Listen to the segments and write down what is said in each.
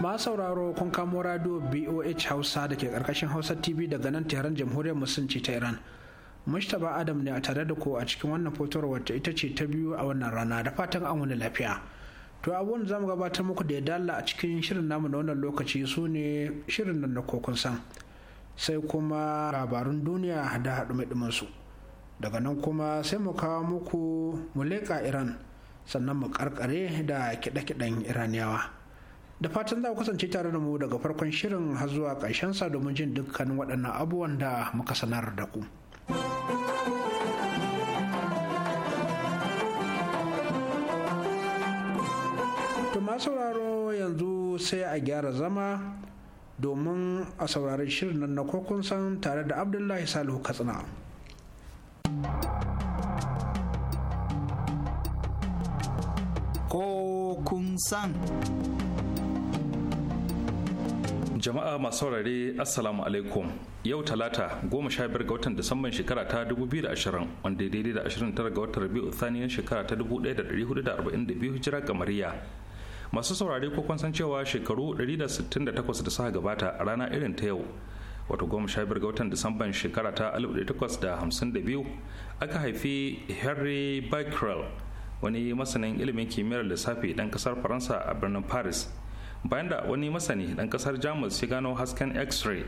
ma sauraro kun kamo radio boh hausa da ke karkashin hausa tv daga nan tehran jamhuriyar musulunci ta iran mustapha adam ne a tare da ko a cikin wannan fotowar wacce ita ce ta biyu a wannan rana da fatan an wani lafiya to abubuwan zamu gabatar muku da ya dala a cikin shirin namu na wannan lokaci su ne shirin nan na kokun san sai kuma labarun duniya da haɗu su daga nan kuma sai mu kawo muku mu leƙa iran sannan mu karkare da kiɗe-kiɗen iraniyawa da fatan za ku kasance tare da mu daga farkon shirin har zuwa sa domin jin dukkanin waɗannan abubuwan da muka sanar da ku. sauraro yanzu sai a gyara zama domin a saurari shirin nan na kokun san tare da abdullahi salihu katsina Ko kun san jama'a masu saurare assalamu alaikum yau talata goma sha biyar ga watan disamban shekara ta dubu biyu ashirin wanda ya daidai da ashirin tara ga watan rabi'u thaniyar shekara ta dubu ɗaya da da da hudu arba'in biyu hijira kamariya masu saurare ko kun san cewa shekaru ɗari da takwas da suka gabata a rana irin ta yau wato goma sha biyar ga watan disamban shekara ta alif ɗaya takwas da da hamsin biyu, aka haifi henry becquerel wani masanin ilimin kimiyyar lissafi dan kasar faransa a birnin paris bayan da wani masani dan kasar jamus ya gano hasken x-ray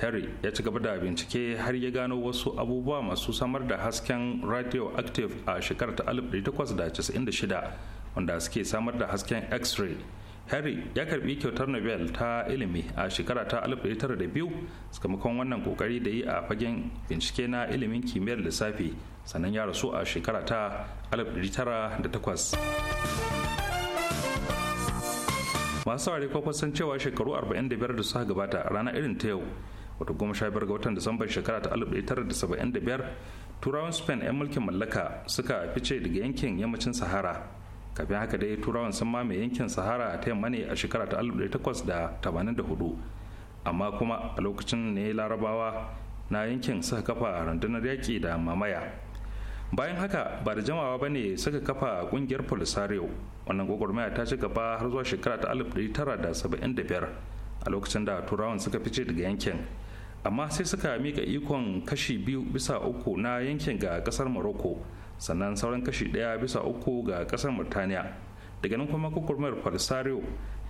harry ya ci gaba da bincike har ya gano wasu abubuwa masu samar da hasken radioactive a shekarar ta 1896 wanda suke samar da hasken x-ray harry ya karbi kyautar nobel ta ilimi a shekara ta 1902 sakamakon wannan kokari da yi a fagen bincike na ilimin kimiyyar lissafi sannan ya rasu a shekara ta 1908 masu saurari kwakwa san cewa shekaru 45 da suka gabata a ranar irin ta yau wato goma sha biyar ga watan disambar shekara ta 1975 turawan spain 'yan mulkin mallaka suka fice daga yankin yammacin sahara kafin haka dai turawan sun mamaye yankin sahara ta yamma ne a shekara ta 1884 amma kuma a lokacin ne larabawa na yankin suka kafa rundunar yaƙi da mamaya bayan haka ba da jamawa ba ne suka kafa ƙungiyar polisario wannan gwagwarmaya ta ci gaba har zuwa shekara ta 1975 a lokacin da turawan suka fice daga yankin amma sai suka mika ikon kashi biyu bisa uku na yankin ga kasar morocco sannan sauran kashi ɗaya bisa uku ga kasar murtaniya daga nan kuma gwagwarmayar polisario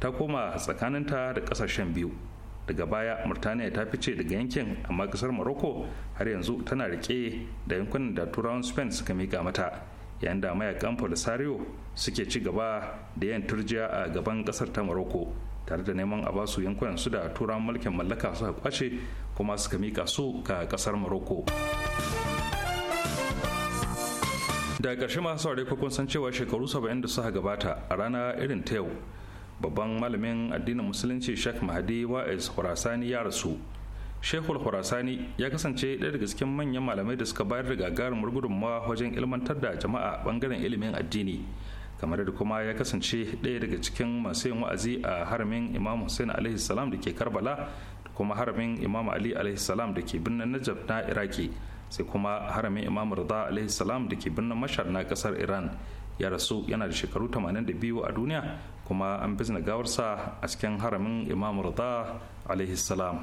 ta koma tsakaninta da kasashen biyu daga baya murtaniya ta fice daga yankin amma kasar morocco har yanzu tana rike da yankunan da turawan spain suka mika mata yayin da mayakan polisario suke ci gaba da yan turjiya a gaban kasar ta morocco tare da neman a basu yankunan su da turan mulkin mallaka suka kwace kuma suka mika su ga kasar morocco da ƙarshe masu saurari kun san cewa shekaru 70 da suka gabata a rana irin ta yau babban malamin addinin musulunci sheikh mahdi wa'iz khurasani ya rasu shehul khurasani ya kasance ɗaya daga cikin manyan malamai da suka bayar da gagarumar gudunmawa wajen ilmantar da jama'a bangaren ilimin addini kamar da kuma ya kasance ɗaya daga cikin masu yin wa'azi a haramin imam hussein alaihi salam da ke karbala da kuma haramin imam ali alaihi salam da ke birnin najab na iraki sai kuma haramin imam rida alaihi salam da ke birnin mashar na kasar iran ya rasu yana da shekaru 82 a duniya kuma an bizna gawarsa a cikin haramin imam rida alaihi salam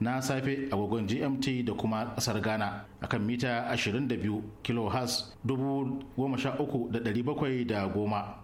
na safe agogon gmt da kuma kasar ghana a kan mita 22 kilohertz 13710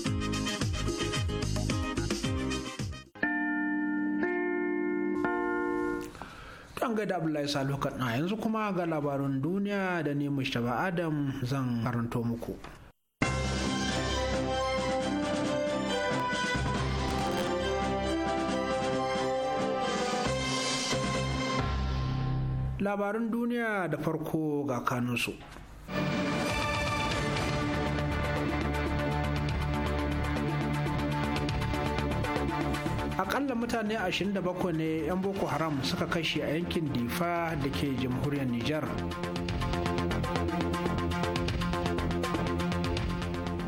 an gaida abdullahi salihu kaɗan yanzu kuma ga labarin duniya da ni mustapha adam zan karanto muku labarin duniya da farko ga kanunsu akalla mutane 27 ne 'yan boko haram suka kashe a yankin difa da ke jamhuriyar nijar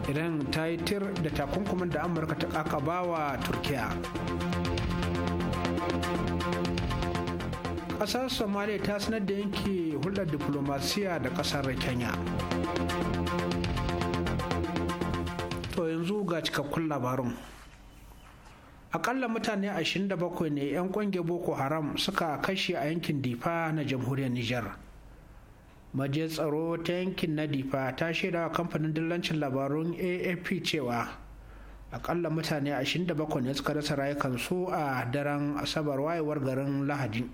Idan ta yi tir da takunkumin da amurka ta ƙaƙabawa wa turkiya kasar somalia ta sanar da yanke hulɗar diplomasiya da kasar kenya to yanzu ga cikakkun labarun. akalla mutane 27 ne 'yan kwange boko haram suka kashe a yankin difa na jamhuriyar nijar majiyar tsaro ta yankin na difa ta shaida wa kamfanin dillancin labarun afp cewa akalla mutane 27 ne suka rasa rayukansu a daren asabar wayewar garin lahadi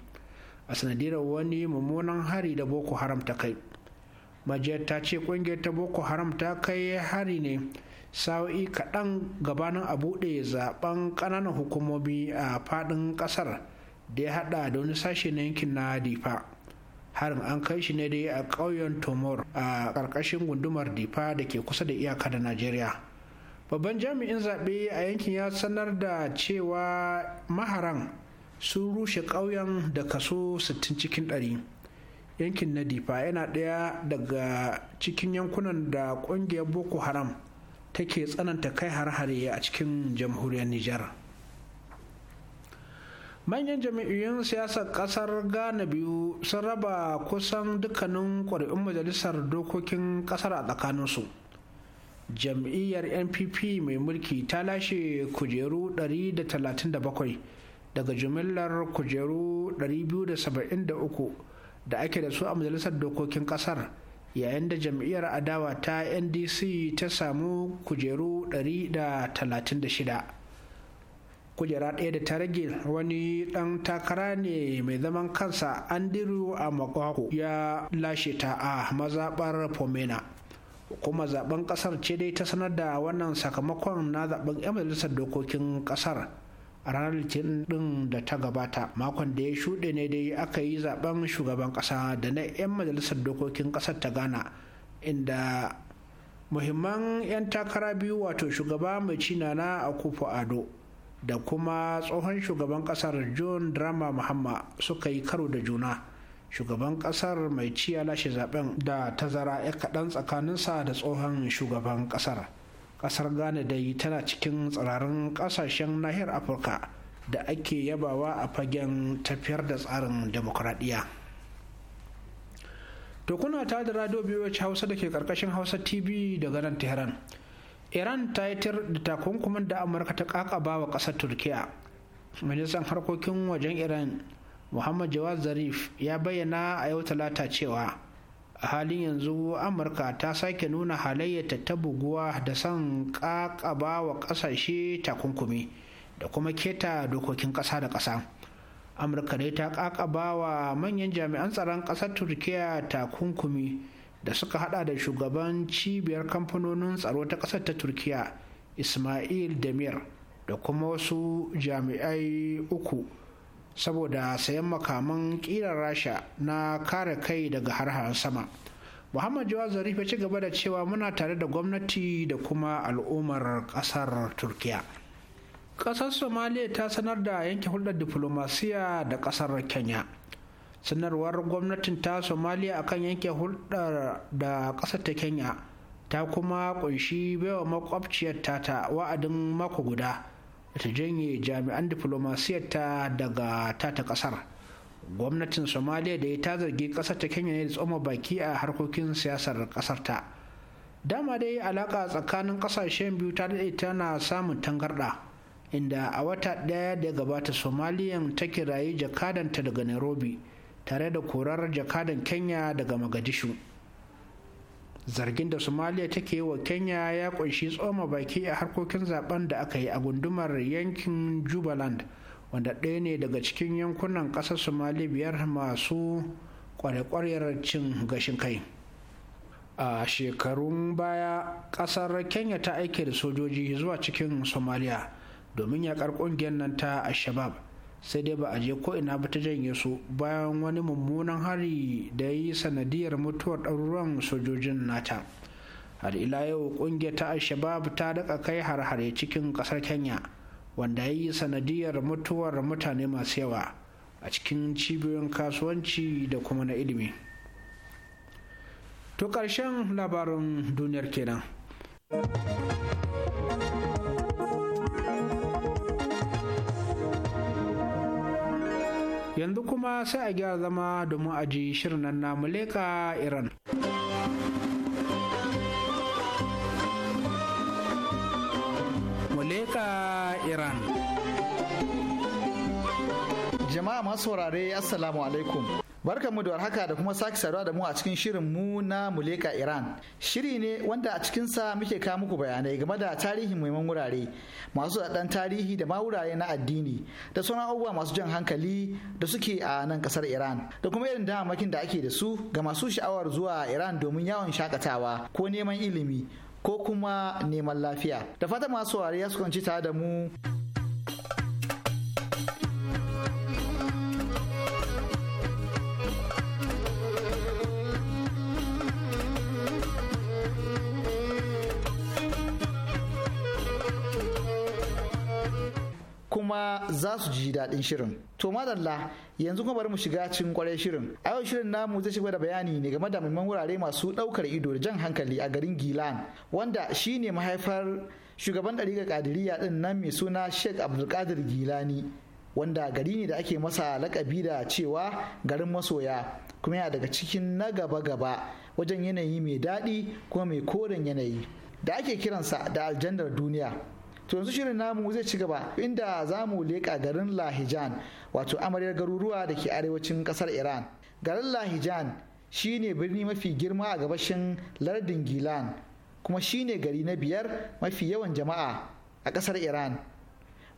a sanadirar wani mummunan hari da boko haram ta kai majiyar ta ce kungiyar ta boko haram ta kai hari ne sa'o'i kaɗan gabanin a buɗe zaben ƙananan hukumomi a faɗin ƙasar da ya haɗa da wani sashe na yankin na difa harin an kai shi ne dai a ƙauyen tomor a ƙarƙashin gundumar difa da ke kusa da iyaka da najeriya babban jami'in zaɓe a yankin ya sanar da cewa maharan sun rushe ƙauyen da kaso 60 cikin ɗari. yankin na difa yana ɗaya daga cikin yankunan da ƙungiyar boko haram take tsananta kai har-hare a cikin jamhuriyar nijar manyan jami'in siyasar kasar ghana biyu sun raba kusan dukkanin ƙuri'un majalisar dokokin kasar a tsakaninsu jam'iyyar npp mai mulki ta lashe kujeru 137 daga jimillar kujeru 273 da ake da su a majalisar dokokin kasar yayin da jam'iyyar adawa ta ndc ta samu kujeru 136 kujera ɗaya da ta rage wani ɗan takara ne mai zaman kansa a amakwako ya lashe ta a mazaɓar pomena kuma zaben kasar ce dai ta sanar da wannan sakamakon na zaben 'yan majalisar dokokin kasar a ranar litinin din da ta gabata makon da ya shuɗe ne dai aka yi zaben shugaban ƙasa da na 'yan majalisar dokokin ƙasar ta ghana inda muhimman 'yan takara biyu wato shugaba mai cina na akufo ado da kuma tsohon shugaban ƙasar john drama muhamma suka yi karo da juna shugaban ƙasar mai ciya lashe zaben da tazara ya kaɗan tsakaninsa da tsohon shugaban ƙasar. kasar ghana yi tana cikin tsirarin kasashen nahiyar afirka da ake yabawa a fagen tafiyar da tsarin demokuraɗiyya to kuna ta da radio biyu hausa da ke karkashin hausa tv daga nan tehran iran ta yi tir da takunkumin da amurka ta kakaba wa kasar turkiya ministan harkokin wajen iran muhammad jawad zarif ya bayyana a yau talata cewa a halin yanzu amurka ta sake nuna halayyata ta buguwa da son kakaba wa kasashe takunkumi da kuma keta dokokin kasa da kasa amurka dai ta kakaba wa manyan jami'an tsaron kasar turkiya takunkumi da suka hada da shugaban cibiyar kamfanonin tsaro ta kasar ta turkiya ismail demir da kuma wasu jami'ai uku saboda sayan makaman ƙirar rasha na kare kai daga har sama muhammad jawad zarif ya ci gaba da cewa muna tare da gwamnati da kuma al'ummar ƙasar turkiya ƙasar somaliya ta sanar da yanke hulɗar diflomasiya da ƙasar kenya sanarwar gwamnatin ta somaliya akan yanke hulɗar da ƙasar ta kenya ta kuma ƙunshi baiwa makwabciyar tata wa'adin mako guda ta janye jami'an diflomasiyar ta daga tata kasar gwamnatin somaliya da ya ta zargi kasar ta kenya ne da tsoma baki a harkokin siyasar kasar ta dama dai alaka tsakanin kasashen biyu ta daɗe tana samun tangarɗa inda a wata ɗaya da gabata somaliyan ta kirayi jakadanta daga nairobi tare da korar jakadan kenya daga magadishu zargin da somaliya take yi wa kenya ya kunshi tsoma baki a harkokin zaben da aka yi a gundumar yankin jubaland wanda ɗaya ne daga cikin yankunan ƙasar somali biyar masu kwarekwarewar cin gashin kai a shekarun baya ƙasar kenya ta aike da sojoji zuwa cikin somalia domin yakar ƙungiyar nan ta a shabab sai dai ba a je ko ina ba ta janye su bayan wani mummunan hari da ya yi sanadiyar mutuwar ɗaruruwan sojojin nata har ila yau ƙungiyar ta alshabab ta daga kai har-hare cikin ƙasar kenya wanda ya yi sanadiyar mutuwar mutane masu yawa a cikin cibiyoyin kasuwanci da kuma na ilimi to ƙarshen labarin duniyar kenan. yanzu kuma sai a gyara zama domin a ji shirin nan na muleka iran muleka iran jama'a masu wurare assalamu alaikum Barkan mu da warhaka da kuma sake saduwa da mu a cikin shirin mu na Muleka Iran. Shiri ne wanda a cikin sa muke kawo muku bayanai game da tarihin muhimman wurare, masu zaɗan tarihi da ma wurare na addini, da sauran abubuwa masu jan hankali da suke a nan ƙasar Iran, da kuma irin damakin da ake da su ga masu sha'awar zuwa Iran domin yawon shakatawa ko neman ilimi ko kuma neman lafiya. Da fata masu ya su kwanci tare da mu. kuma za su ji daɗin shirin. To madalla yanzu kuma bari mu shiga cikin kwarai shirin. A yau shirin namu zai shiga da bayani ne game da muhimman wurare masu ɗaukar ido da jan hankali a garin Gilan wanda shi ne mahaifar shugaban ɗari ga ƙadiriya ɗin nan mai suna Sheikh Abdulkadir Gilani wanda gari ne da ake masa lakabi da cewa garin masoya kuma yana daga cikin na gaba-gaba wajen yanayi mai daɗi kuma mai koren yanayi da ake kiransa da aljandar duniya. to yanzu shirin namu zai ci gaba inda za mu leƙa garin lahijan wato amaryar garuruwa da ke arewacin ƙasar iran garin lahijan shine birni mafi girma a gabashin lardin gilan kuma shine gari na biyar mafi yawan jama'a a ƙasar iran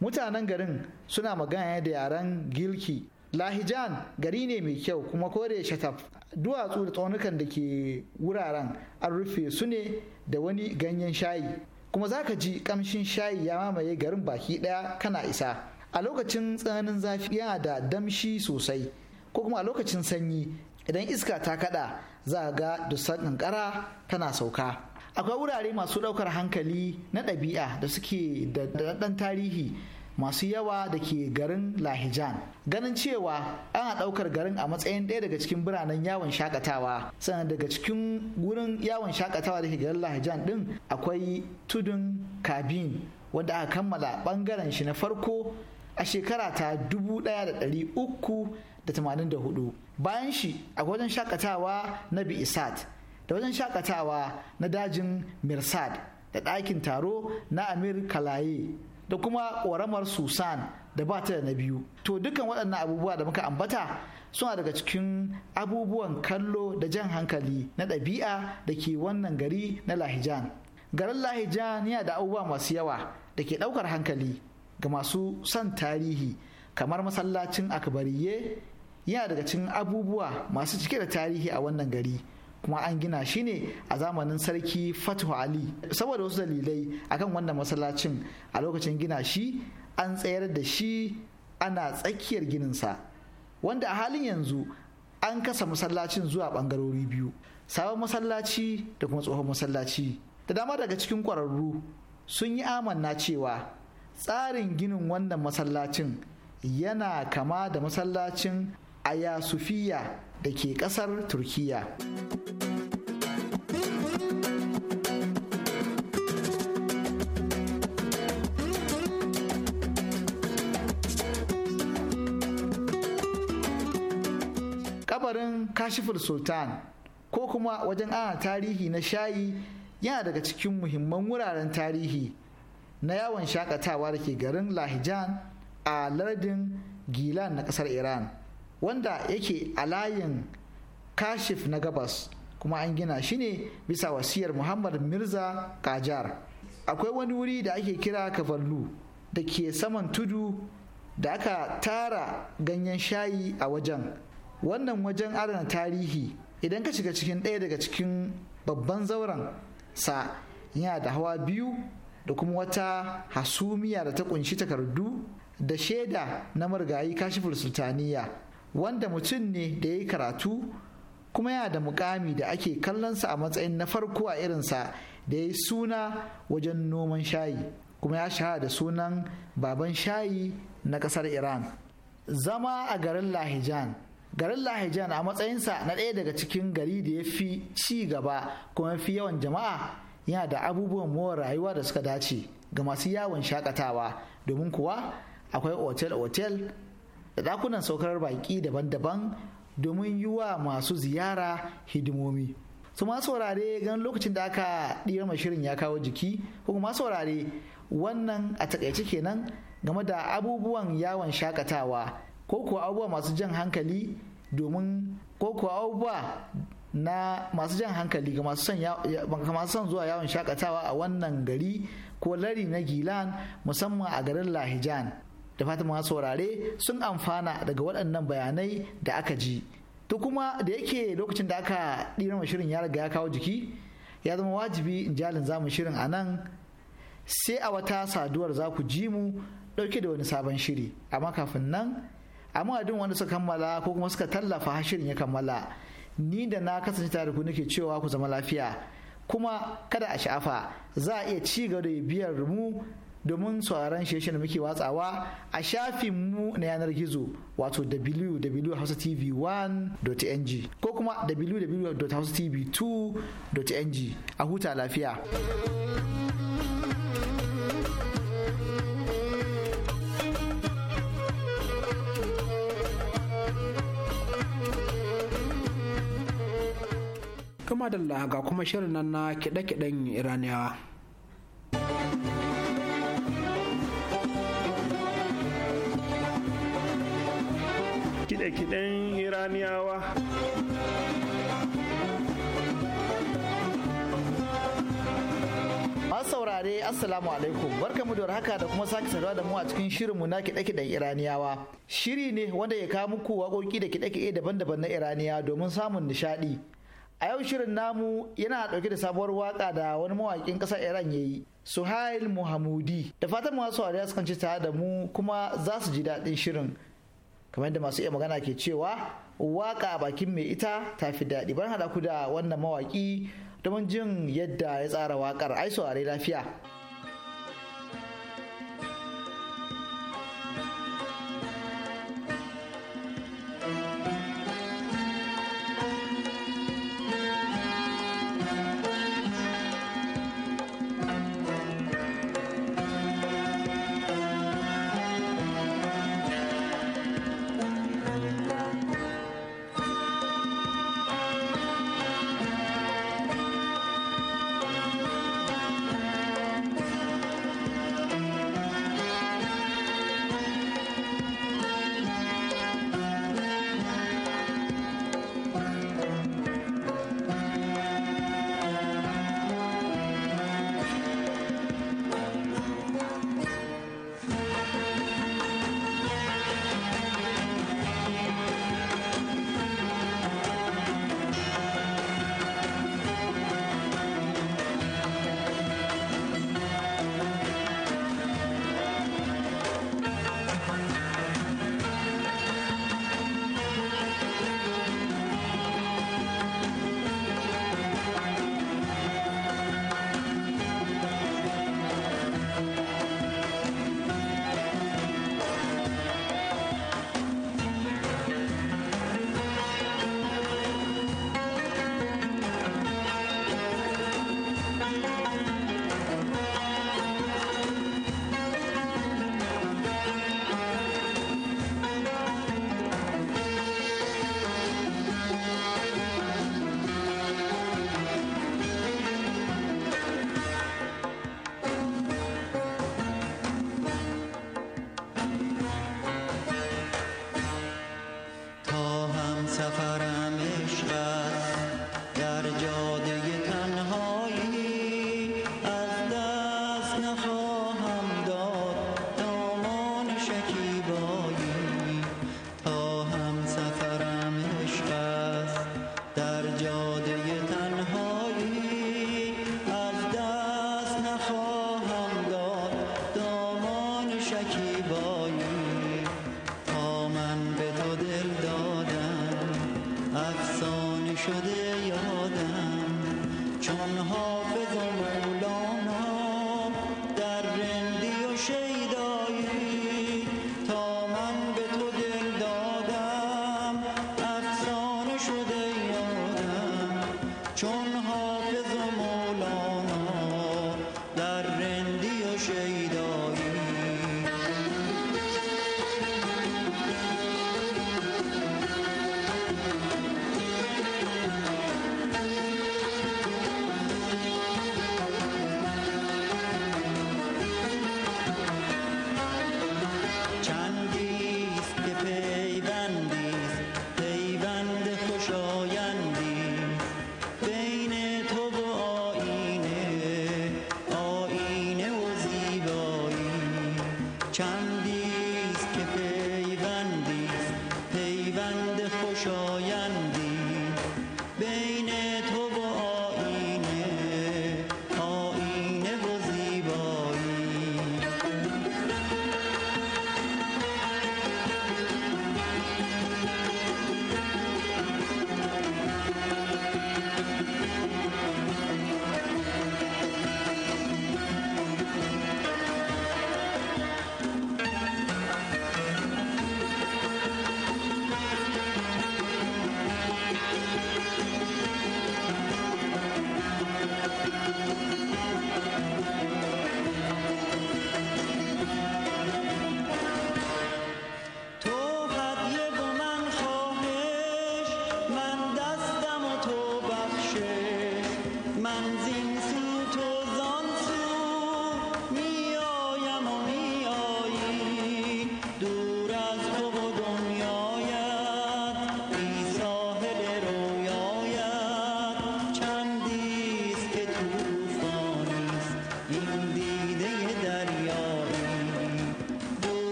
mutanen garin suna magana da yaren gilki lahijan gari ne mai kyau kuma kore shataf duwatsu da tsaunukan da ke wuraren an rufe su ne da wani ganyen shayi kuma za ka ji kamshin shayi ya mamaye garin baki ɗaya kana isa a lokacin tsananin zafi yana da damshi sosai ko kuma a lokacin sanyi idan iska ta kada za ga dusar kankara tana sauka akwai wurare masu ɗaukar hankali na ɗabi'a da suke da ɗan tarihi masu yawa da ke garin lahijan ganin cewa ana ɗaukar garin a matsayin ɗaya daga cikin biranen yawon shakatawa sannan daga cikin wurin yawon shakatawa da ke garin lahijan ɗin akwai tudun kabin wanda aka kammala ɓangaren shi na farko a shekara ta 1384 bayan shi a wajen shakatawa na bi'isat da wajen shakatawa na dajin mirsad da ɗakin taro na amir kalaye da kuma ƙoramar susan da ba ta da na biyu to dukkan waɗannan abubuwa da muka ambata suna daga cikin abubuwan kallo da jan hankali na ɗabi'a da ke wannan gari na lahijan garin lahijan yana da abubuwa masu yawa da ke ɗaukar hankali ga masu son tarihi kamar masallacin akbariye yana daga cikin abubuwa masu cike da tarihi a wannan gari kuma an gina shi ne a zamanin sarki fatuhu ali saboda wasu dalilai akan wannan masallacin a lokacin gina shi an tsayar da shi ana tsakiyar ginin sa, wanda a halin yanzu an kasa masallacin zuwa bangarori biyu sabon masallaci da kuma tsohon masallaci da dama daga cikin kwararru sun yi amanna cewa tsarin ginin wannan masallacin yana kama da masallacin aya sufiya da ke kasar turkiya kabarin kashifar sultan ko kuma wajen ana tarihi na shayi yana daga cikin muhimman wuraren tarihi na yawon shakatawa da ke garin lahijan a lardin gilan na kasar iran wanda yake a layin kashif na gabas kuma an gina shi ne bisa wasiyar muhammad mirza kajar akwai wani wuri da ake kira kavallu da ke saman tudu da aka tara ganyen shayi a wajen wannan wajen adana tarihi idan ka shiga cikin ɗaya daga cikin babban zauren sa yana da hawa biyu da kuma wata hasumiya da ta kunshi takardu da shaida na marigayi kashifin sultaniya wanda mutum ne da ya yi karatu kuma yana da mukami da ake kallonsa a matsayin na farko a irinsa da ya suna wajen noman shayi kuma ya shahara da sunan baban shayi na kasar iran zama a garin lahijan garin lahijan a matsayinsa na ɗaya daga cikin gari da ya fi ci gaba kuma fi yawan jama'a yana da abubuwan more rayuwa da suka dace ga masu yawon shakatawa domin kuwa akwai otel-otel da ɗakunan saukar baki daban-daban domin yi wa masu ziyara hidimomi. su masu saurare gan lokacin da aka ɗiyar shirin ya kawo jiki ko kuma saurare wannan a takaice kenan game da abubuwan yawon shakatawa ko kuwa abubuwa masu jan hankali domin ko kuwa abubuwa na masu jan hankali ga masu son zuwa yawon shakatawa a wannan gari ko lari na gilan musamman a garin lahijan da fatan masu saurare sun amfana daga waɗannan bayanai da aka ji to kuma da yake lokacin da aka ɗira shirin ya riga ya kawo jiki ya zama wajibi in jalin zamu shirin a nan sai a wata saduwar za ku ji mu ɗauke da wani sabon shiri amma kafin nan a madadin wanda suka kammala ko kuma suka tallafa ha shirin ya kammala ni da na kasance tare ku nake cewa ku zama lafiya kuma kada a sha'afa za a iya ci gaba da biyar mu domin sauraron shirye da muke watsawa a shafin mu na yanar gizo wato www.hausatv1.ng ko kuma www.hausatv2.ng a huta lafiya. Kama da ga kuma shirin nan na kiɗe-kiɗen Iraniyawa. kiɗe-kiɗen iraniyawa saurare assalamu alaikum barkamu da haka da kuma sake saduwa da mu a cikin shirinmu na kiɗe-kiɗen iraniyawa shiri ne wanda ya kawo muku waƙoƙi da kiɗe-kiɗe daban-daban na iraniya domin samun nishaɗi a yau shirin namu yana ɗauke da sabuwar waƙa da wani mawaƙin ƙasar iran ya yi suhail muhammudi da fatan masu saurare su kanci tare da mu kuma za su ji daɗin shirin kamar yadda masu iya magana ke cewa waka bakin mai ita ta fi daɗi bari hada ku da wannan mawaƙi don jin yadda ya tsara waƙar ai saurare lafiya.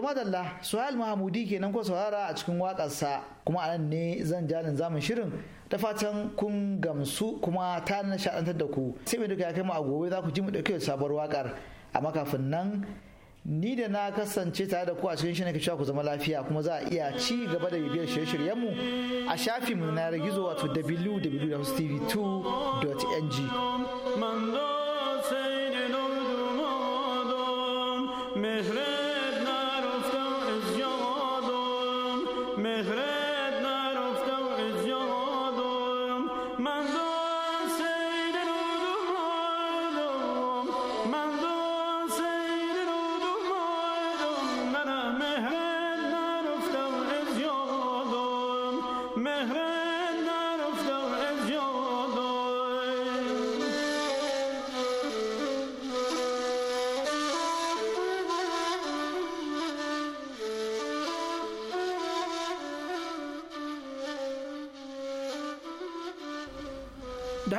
to madalla suhail mahamudi kenan ko saurara a cikin wakarsa kuma anan ne zan jalin zamun shirin da fatan kun gamsu kuma ta nishaɗantar da ku sai mai duka ya kai mu a gobe za ku ji mu ɗauke da sabuwar waƙar amma kafin nan ni da na kasance tare da ku a cikin shirin ku zama lafiya kuma za a iya ci gaba da bibiyar shirye shiryen mu a mu na yanar gizo wato www.tv2.ng Ramazan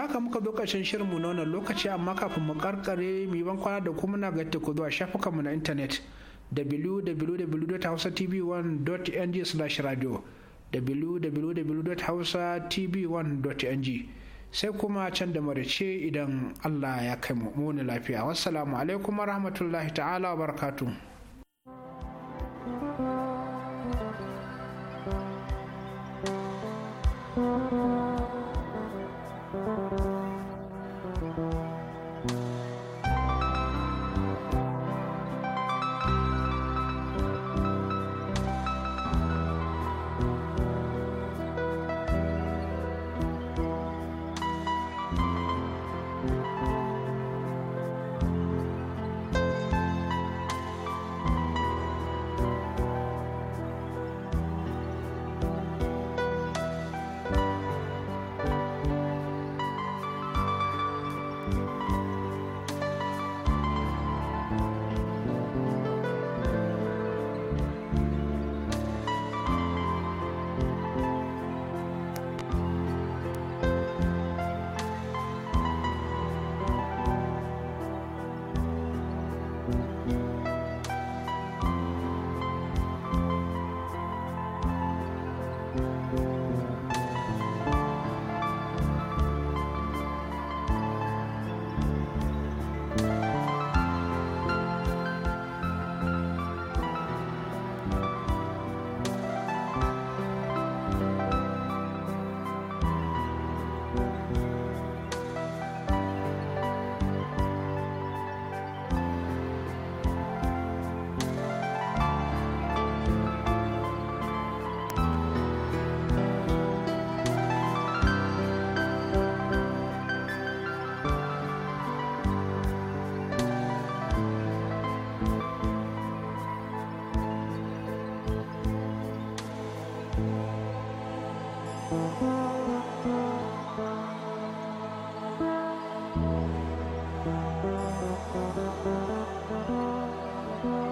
da haka muka zo ƙarshen shirinmu na wannan lokaci amma kafin mu karkare mu yi bankwana da kuma na gaita ku zuwa mu na intanet www.hausatv1.ng slash radio www.hausatv1.ng sai kuma can da marace idan Allah ya kai mu lafiya wassalamu alaikum warahmatullahi ta'ala wa barakatuh Thank you.